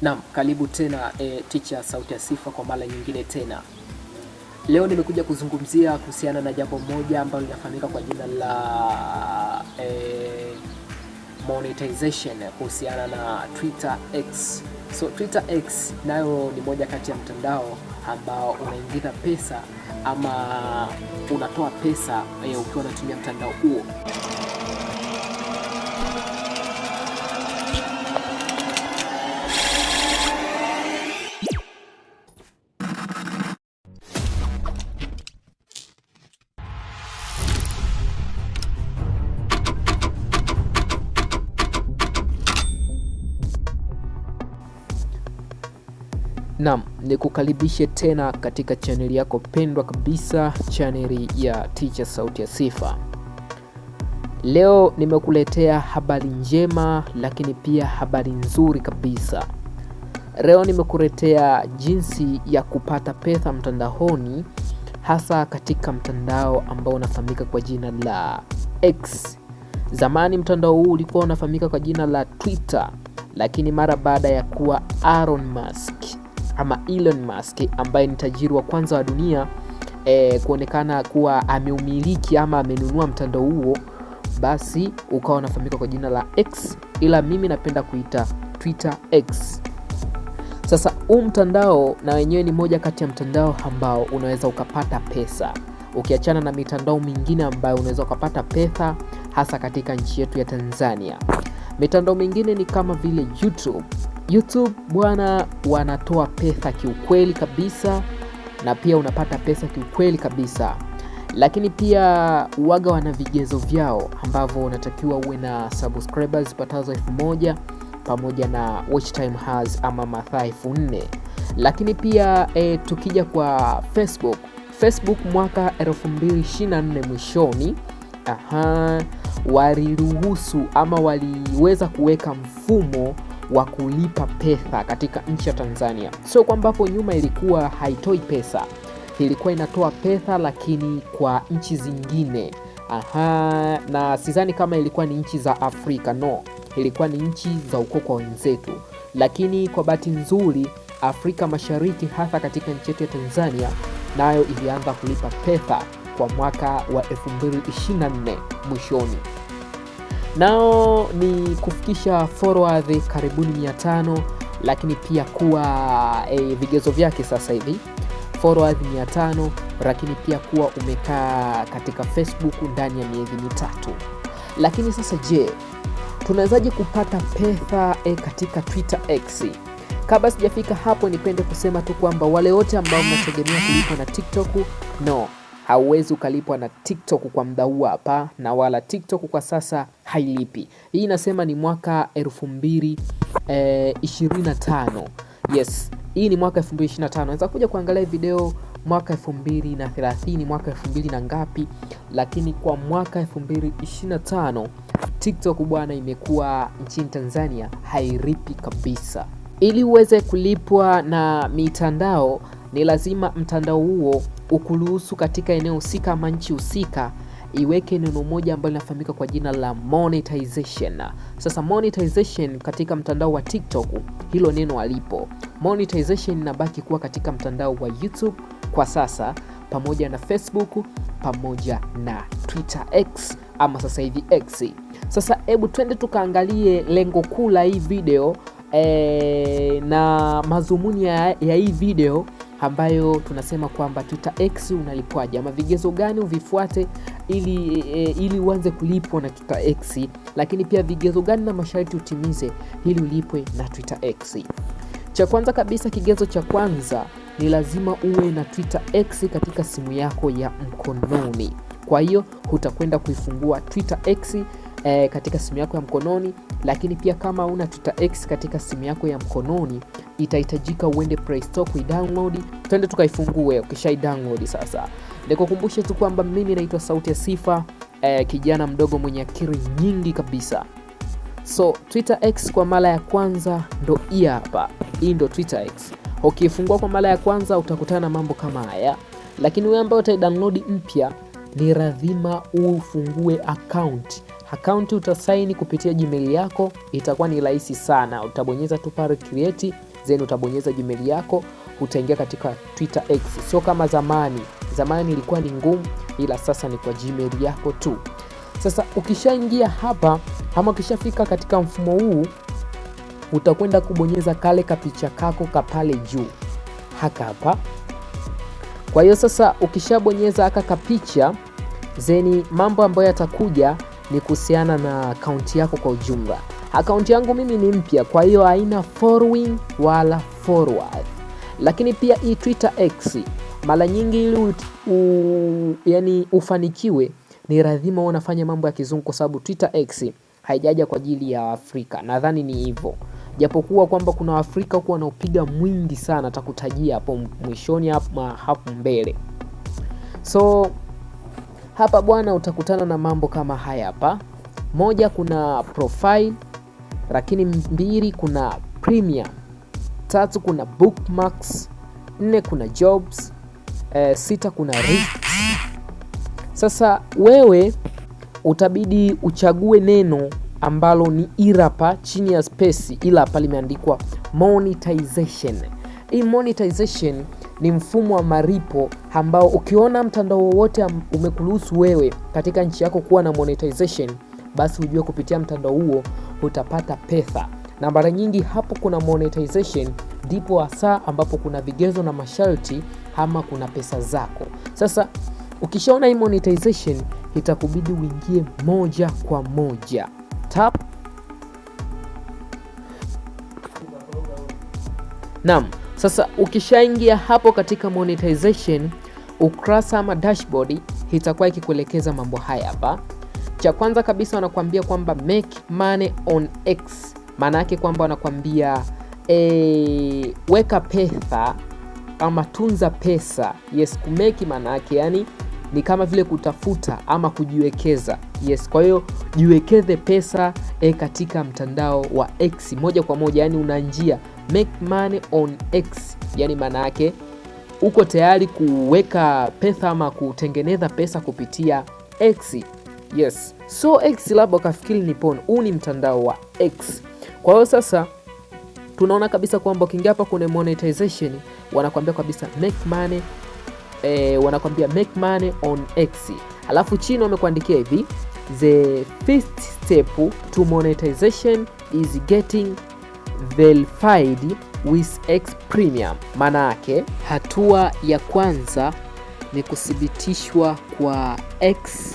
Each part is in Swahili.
Naam, karibu tena e, Teacher Sauti ya Sifa kwa mara nyingine tena. Leo nimekuja kuzungumzia kuhusiana na jambo moja ambalo linafahamika kwa jina la e, monetization kuhusiana na Twitter X. So Twitter X nayo ni moja kati ya mtandao ambao unaingiza pesa ama unatoa pesa e, ukiwa unatumia mtandao huo. ni kukaribishe tena katika chaneli yako pendwa kabisa, chaneli ya Teacher Sauti ya Sifa. Leo nimekuletea habari njema, lakini pia habari nzuri kabisa. Leo nimekuletea jinsi ya kupata pesa mtandaoni, hasa katika mtandao ambao unafahamika kwa jina la X. Zamani mtandao huu ulikuwa unafahamika kwa jina la Twitter, lakini mara baada ya kuwa Elon Musk ama Elon Musk ambaye ni tajiri wa kwanza wa dunia e, kuonekana kuwa ameumiliki ama amenunua mtandao huo, basi ukawa unafahamika kwa jina la X, ila mimi napenda kuita Twitter X. Sasa huu mtandao na wenyewe ni moja kati ya mtandao ambao unaweza ukapata pesa ukiachana na mitandao mingine ambayo unaweza ukapata pesa hasa katika nchi yetu ya Tanzania. Mitandao mingine ni kama vile YouTube YouTube bwana, wanatoa pesa kiukweli kabisa, na pia unapata pesa kiukweli kabisa, lakini pia uwaga wana vigezo vyao ambavyo unatakiwa uwe na subscribers zipatazo elfu moja pamoja na watch time has ama masaa elfu nne lakini pia e, tukija kwa Facebook, Facebook mwaka 2024 mwishoni, aha, waliruhusu ama waliweza kuweka mfumo wa kulipa pesa katika nchi ya Tanzania. Sio kwamba hapo nyuma ilikuwa haitoi pesa, ilikuwa inatoa pesa lakini kwa nchi zingine. Aha, na sidhani kama ilikuwa ni nchi za Afrika, no, ilikuwa ni nchi za ukoo kwa wenzetu, lakini kwa bahati nzuri Afrika Mashariki hasa katika nchi yetu ya Tanzania nayo ilianza kulipa pesa kwa mwaka wa 2024 mwishoni nao ni kufikisha forward karibuni 500 lakini pia kuwa e, vigezo vyake sasa hivi forward 500 lakini pia kuwa umekaa katika Facebook ndani ya miezi mitatu. Lakini sasa je, tunawezaje kupata pesa e, katika Twitter X? Kabla sijafika hapo, nipende kusema tu kwamba wale wote ambao mnategemea kulipa na TikTok, no hauwezi ukalipwa na TikTok kwa muda huu hapa, na wala TikTok kwa sasa hailipi. Hii inasema ni mwaka 2025 Eh, yes, hii ni mwaka 2025. Unaweza kuja kuangalia video mwaka 2030 mwaka 2000 na ngapi, lakini kwa mwaka 2025 TikTok bwana imekuwa nchini Tanzania hairipi kabisa. Ili uweze kulipwa na mitandao, ni lazima mtandao huo ukuruhusu katika eneo husika ama nchi husika iweke neno moja ambalo linafahamika kwa jina la monetization. Sasa monetization katika mtandao wa TikTok hilo neno alipo. Monetization inabaki kuwa katika mtandao wa YouTube kwa sasa, pamoja na Facebook pamoja na Twitter X ama sasa hivi X. Sasa hebu twende tukaangalie lengo kuu la hii video e, na madhumuni ya, ya hii video ambayo tunasema kwamba Twitter X unalipwaje ama vigezo gani uvifuate ili, e, ili uanze kulipwa na Twitter X, lakini pia vigezo gani na masharti utimize ili ulipwe na Twitter X. Cha kwanza kabisa, kigezo cha kwanza ni lazima uwe na Twitter X katika simu yako ya mkononi. Kwa hiyo utakwenda kuifungua Twitter X e, katika simu yako ya mkononi lakini pia kama una tuta X katika simu yako ya mkononi itahitajika uende Play Store kuidownload, twende tukaifungue. Ukishai download sasa, nikukumbushe tu kwamba mimi naitwa Sauti ya Sifa, eh, kijana mdogo mwenye akili nyingi kabisa. So Twitter X kwa mara ya kwanza ndo hii hapa, hii ndo Twitter X. Ukifungua kwa mara ya kwanza utakutana na mambo kama haya, lakini wewe ambaye utaidownload mpya ni lazima ufungue akaunti akaunti utasaini kupitia Gmail yako, itakuwa ni rahisi sana. Utabonyeza tu pale create, then utabonyeza Gmail yako, utaingia katika Twitter X. Sio kama zamani, zamani ilikuwa ni ngumu, ila sasa ni kwa Gmail yako tu. Sasa ukishaingia hapa ama ukishafika katika mfumo huu, utakwenda kubonyeza kale kapicha kako kapale juu haka hapa. Kwa hiyo sasa ukishabonyeza haka kapicha zeni, mambo ambayo yatakuja ni kuhusiana na akaunti yako kwa ujumla. Akaunti yangu mimi ni mpya, kwa hiyo haina following wala forward. Lakini pia hii Twitter X mara nyingi ili u, u, yani ufanikiwe ni lazima unafanya mambo ya kizungu, kwa sababu Twitter X haijaja kwa ajili ya Afrika. Nadhani ni hivyo, japokuwa kwamba kuna Afrika huku wanaopiga mwingi sana, takutajia hapo mwishoni, hapo mbele so hapa bwana, utakutana na mambo kama haya hapa. Moja, kuna profile, lakini mbili, kuna premium, tatu, kuna bookmarks, nne, kuna jobs e, sita, kuna rift. Sasa wewe utabidi uchague neno ambalo ni irapa chini ya space, ila hapa limeandikwa monetization. Hii monetization ni mfumo wa maripo ambao ukiona mtandao wowote umekuruhusu wewe katika nchi yako kuwa na monetization, basi ujue kupitia mtandao huo utapata pesa, na mara nyingi hapo kuna monetization ndipo hasa ambapo kuna vigezo na masharti ama kuna pesa zako. Sasa ukishaona hii monetization, itakubidi uingie moja kwa moja tap. Naam. Sasa ukishaingia hapo katika monetization, ukurasa ama dashboard itakuwa ikikuelekeza mambo haya hapa. Cha kwanza kabisa wanakuambia kwamba make money on X, maana yake kwamba wanakuambia e, weka pesa ama tunza pesa. Yes, kumeki maana yake yani ni kama vile kutafuta ama kujiwekeza. Yes, kwa hiyo jiwekeze pesa e, katika mtandao wa X moja kwa moja, yani una njia make money on X, yani maana yake uko tayari kuweka pesa ama kutengeneza pesa kupitia X. Yes, so X labda ukafikiri ni pon, huu ni mtandao wa X. Kwa hiyo sasa tunaona kabisa kwamba ukiingia hapa kuna monetization, wanakuambia kabisa make money eh, wanakwambia make money on X, alafu chini wamekuandikia hivi the first step to monetization is getting verified with X Premium. Maana yake hatua ya kwanza ni kuthibitishwa kwa X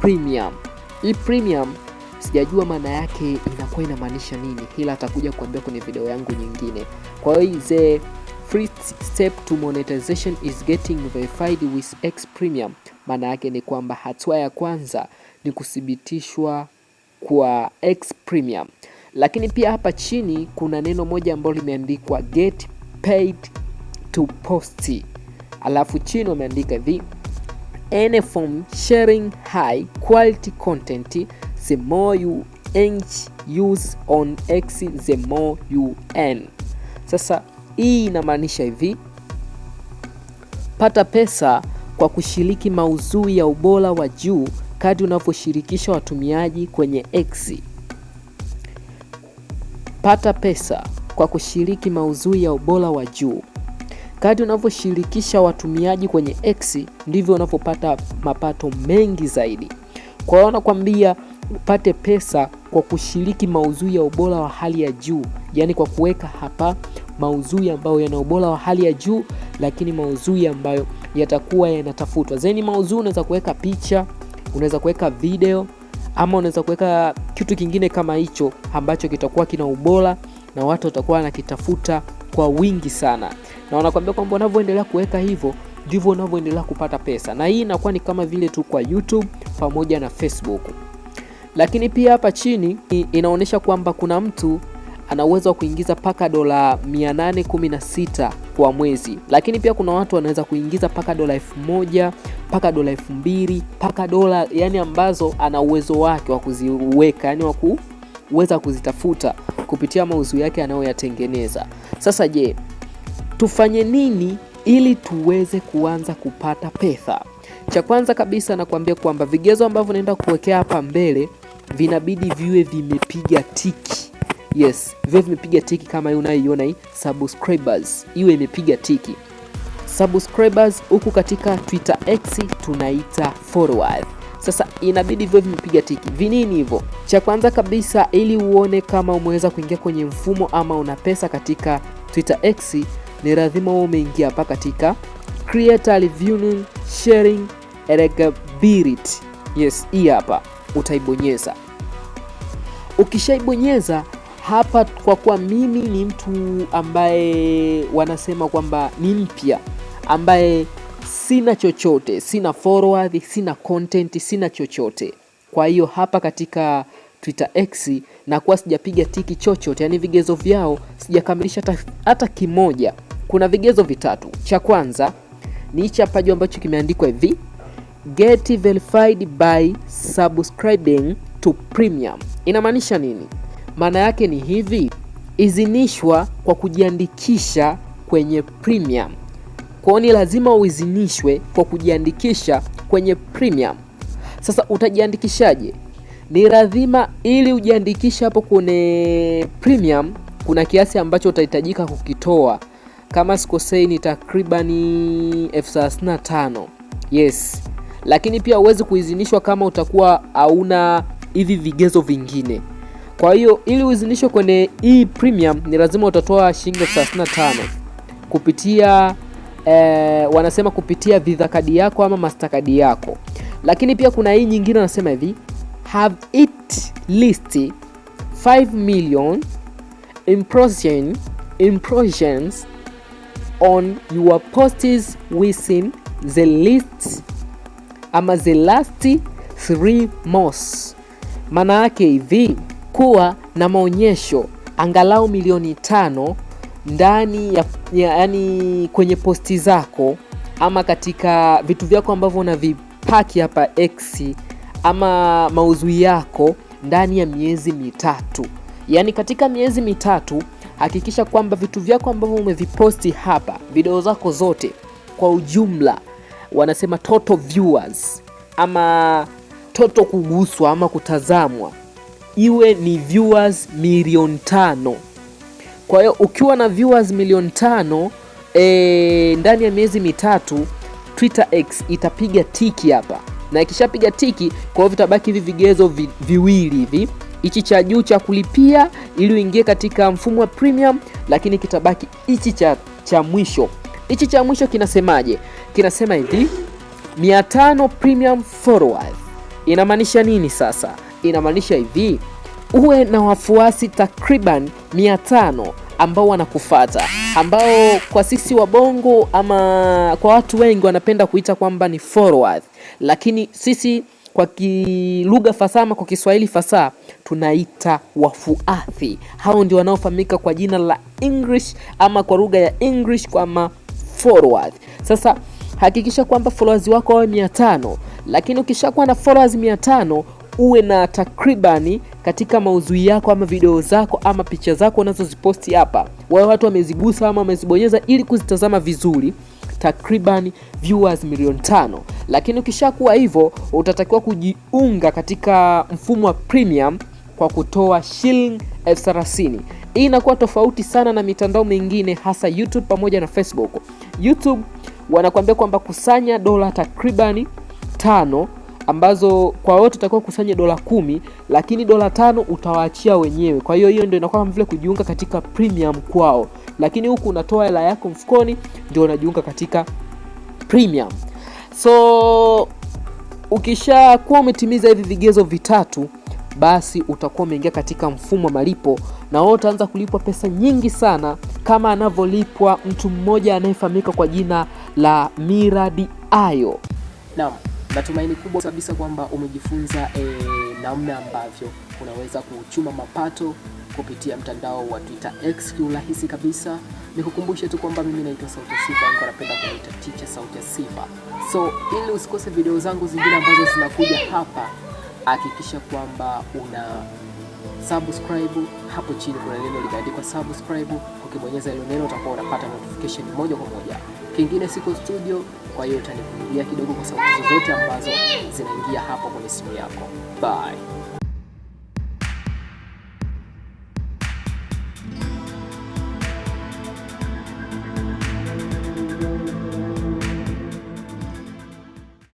Premium. Hii premium sijajua maana yake inakuwa inamaanisha nini, ila atakuja kuambia kwenye video yangu nyingine. Kwa hiyo First step to monetization is getting verified with X Premium. Maana yake ni kwamba hatua ya kwanza ni kuthibitishwa kwa X Premium, lakini pia hapa chini kuna neno moja ambalo limeandikwa get paid to post, alafu chini wameandika hivi any form sharing high quality content the more you engage use on X the more you earn. Sasa hii inamaanisha hivi: pata pesa kwa kushiriki mauzui ya ubora wa juu kadri unavyoshirikisha watumiaji kwenye X. Pata pesa kwa kushiriki mauzui ya ubora wa juu kadri unavyoshirikisha watumiaji kwenye X, ndivyo unavyopata mapato mengi zaidi. Kwa hiyo nakwambia upate pesa kwa kushiriki mauzui ya ubora wa hali ya juu, yaani kwa kuweka hapa maudhui ambayo yana ubora wa hali ya juu, lakini maudhui ambayo yatakuwa yanatafutwa Zeni Maudhui unaweza kuweka picha, unaweza kuweka video ama unaweza kuweka kitu kingine kama hicho ambacho kitakuwa kina ubora na watu watakuwa wanakitafuta kwa wingi sana, na wanakuambia kwamba unavyoendelea kuweka hivyo ndivyo unavyoendelea kupata pesa, na hii inakuwa ni kama vile tu kwa YouTube pamoja na Facebook. Lakini pia hapa chini inaonyesha kwamba kuna mtu ana uwezo wa kuingiza mpaka dola 816 kwa mwezi, lakini pia kuna watu wanaweza kuingiza mpaka dola 1000 mpaka dola 2000 mbili mpaka dola yani ambazo ana uwezo wake wa kuziweka yani wa kuweza kuzitafuta kupitia mauzo yake anayoyatengeneza. Sasa je, tufanye nini ili tuweze kuanza kupata pesa? Cha kwanza kabisa nakwambia kwamba vigezo ambavyo naenda kuwekea hapa mbele vinabidi viwe vimepiga tiki Yes, vile vimepiga tiki kama hii unayoiona hii subscribers, iwe imepiga tiki subscribers, huku katika Twitter X tunaita forward. Sasa inabidi vio vimepiga tiki. Vinini hivyo? Cha kwanza kabisa, ili uone kama umeweza kuingia kwenye mfumo ama una pesa katika Twitter X, ni lazima wewe umeingia hapa katika creator reviewing sharing eligibility. Yes, hii hapa utaibonyeza. Ukishaibonyeza hapa kwa kuwa mimi ni mtu ambaye wanasema kwamba ni mpya, ambaye sina chochote, sina forward, sina content, sina chochote. Kwa hiyo hapa katika Twitter X na sijapiga tiki chochote, yani vigezo vyao sijakamilisha hata kimoja. Kuna vigezo vitatu. Cha kwanza ni hichi hapa juu ambacho kimeandikwa hivi get verified by subscribing to premium. Inamaanisha nini? Maana yake ni hivi, izinishwa kwa kujiandikisha kwenye premium. Kwa hiyo ni lazima uizinishwe kwa kujiandikisha kwenye premium. Sasa utajiandikishaje? Ni lazima ili ujiandikishe hapo kwenye premium, kuna kiasi ambacho utahitajika kukitoa, kama sikosei ni takribani elfu thelathini na tano. Yes, lakini pia huwezi kuizinishwa kama utakuwa hauna hivi vigezo vingine. Kwa hiyo ili uidhinishwe kwenye hii e premium ni lazima utatoa shilingi 35 kupitia eh, wanasema kupitia Visa kadi yako ama kadi yako, lakini pia kuna hii nyingine wanasema hivi have it list 5 million impression, impressions on your posts within the list ama the last 3 months. Maana yake hivi kuwa na maonyesho angalau milioni tano ndani ya, ya, yani kwenye posti zako ama katika vitu vyako ambavyo unavipaki hapa X ama mauzui yako ndani ya miezi mitatu. Yaani katika miezi mitatu hakikisha kwamba vitu vyako ambavyo umeviposti hapa, video zako zote kwa ujumla, wanasema total viewers ama toto kuguswa ama kutazamwa iwe ni viewers milioni tano. Kwa hiyo ukiwa na viewers milioni tano e, ndani ya miezi mitatu Twitter X itapiga tiki hapa, na ikishapiga tiki, kwa hiyo vitabaki hivi vigezo vi, viwili hivi hichi cha juu cha kulipia ili uingie katika mfumo wa premium, lakini kitabaki hichi cha, cha mwisho. Hichi cha mwisho kinasemaje? Kinasema hivi 500 premium followers. Inamaanisha nini sasa? inamaanisha hivi, uwe na wafuasi takriban 500 ambao wanakufata, ambao kwa sisi wabongo ama kwa watu wengi wanapenda kuita kwamba ni forward. lakini sisi kwa kilugha fasama, kwa Kiswahili fasaha tunaita wafuathi Hao ndio wanaofahamika kwa jina la English ama kwa lugha ya English kama forward Sasa hakikisha kwamba followers wako wawe mia lakini ukishakuwa na followers uwe na takribani katika mauzui yako ama video zako ama picha zako unazoziposti hapa, wawe watu wamezigusa ama wamezibonyeza ili kuzitazama vizuri takriban viewers milioni tano. Lakini ukishakuwa hivyo, utatakiwa kujiunga katika mfumo wa premium kwa kutoa shilling elfu thelathini. Hii inakuwa tofauti sana na mitandao mingine hasa YouTube pamoja na Facebook. YouTube wanakuambia kwamba kusanya dola takribani tano ambazo kwa wote utakuwa kusanya dola kumi, lakini dola tano utawaachia wenyewe. Kwa hiyo hiyo ndio inakuwa kama vile kujiunga katika premium kwao, lakini huku unatoa hela yako mfukoni ndio unajiunga katika premium. So ukishakuwa umetimiza hivi vigezo vitatu, basi utakuwa umeingia katika mfumo wa malipo na wewe utaanza kulipwa pesa nyingi sana kama anavyolipwa mtu mmoja anayefahamika kwa jina la Miradi Ayo. Naam. Natumaini kubwa kabisa kwamba umejifunza e, namna ambavyo unaweza kuchuma mapato kupitia mtandao wa Twitter X kiurahisi kabisa. Nikukumbushe tu kwamba mimi naitwa Sauti ya Sifa, niko napenda kuita Ticha Sauti ya Sifa. So ili usikose video zangu zingine ambazo zinakuja hapa, hakikisha kwamba una subscribe hapo chini kuna neno limeandikwa subscribe. Ukibonyeza hilo neno utakuwa unapata notification moja kwa moja. Kingine siko studio kwa hiyo utanivumilia kidogo, kwa sababu zote ambazo zinaingia hapo kwenye simu yako. Bye.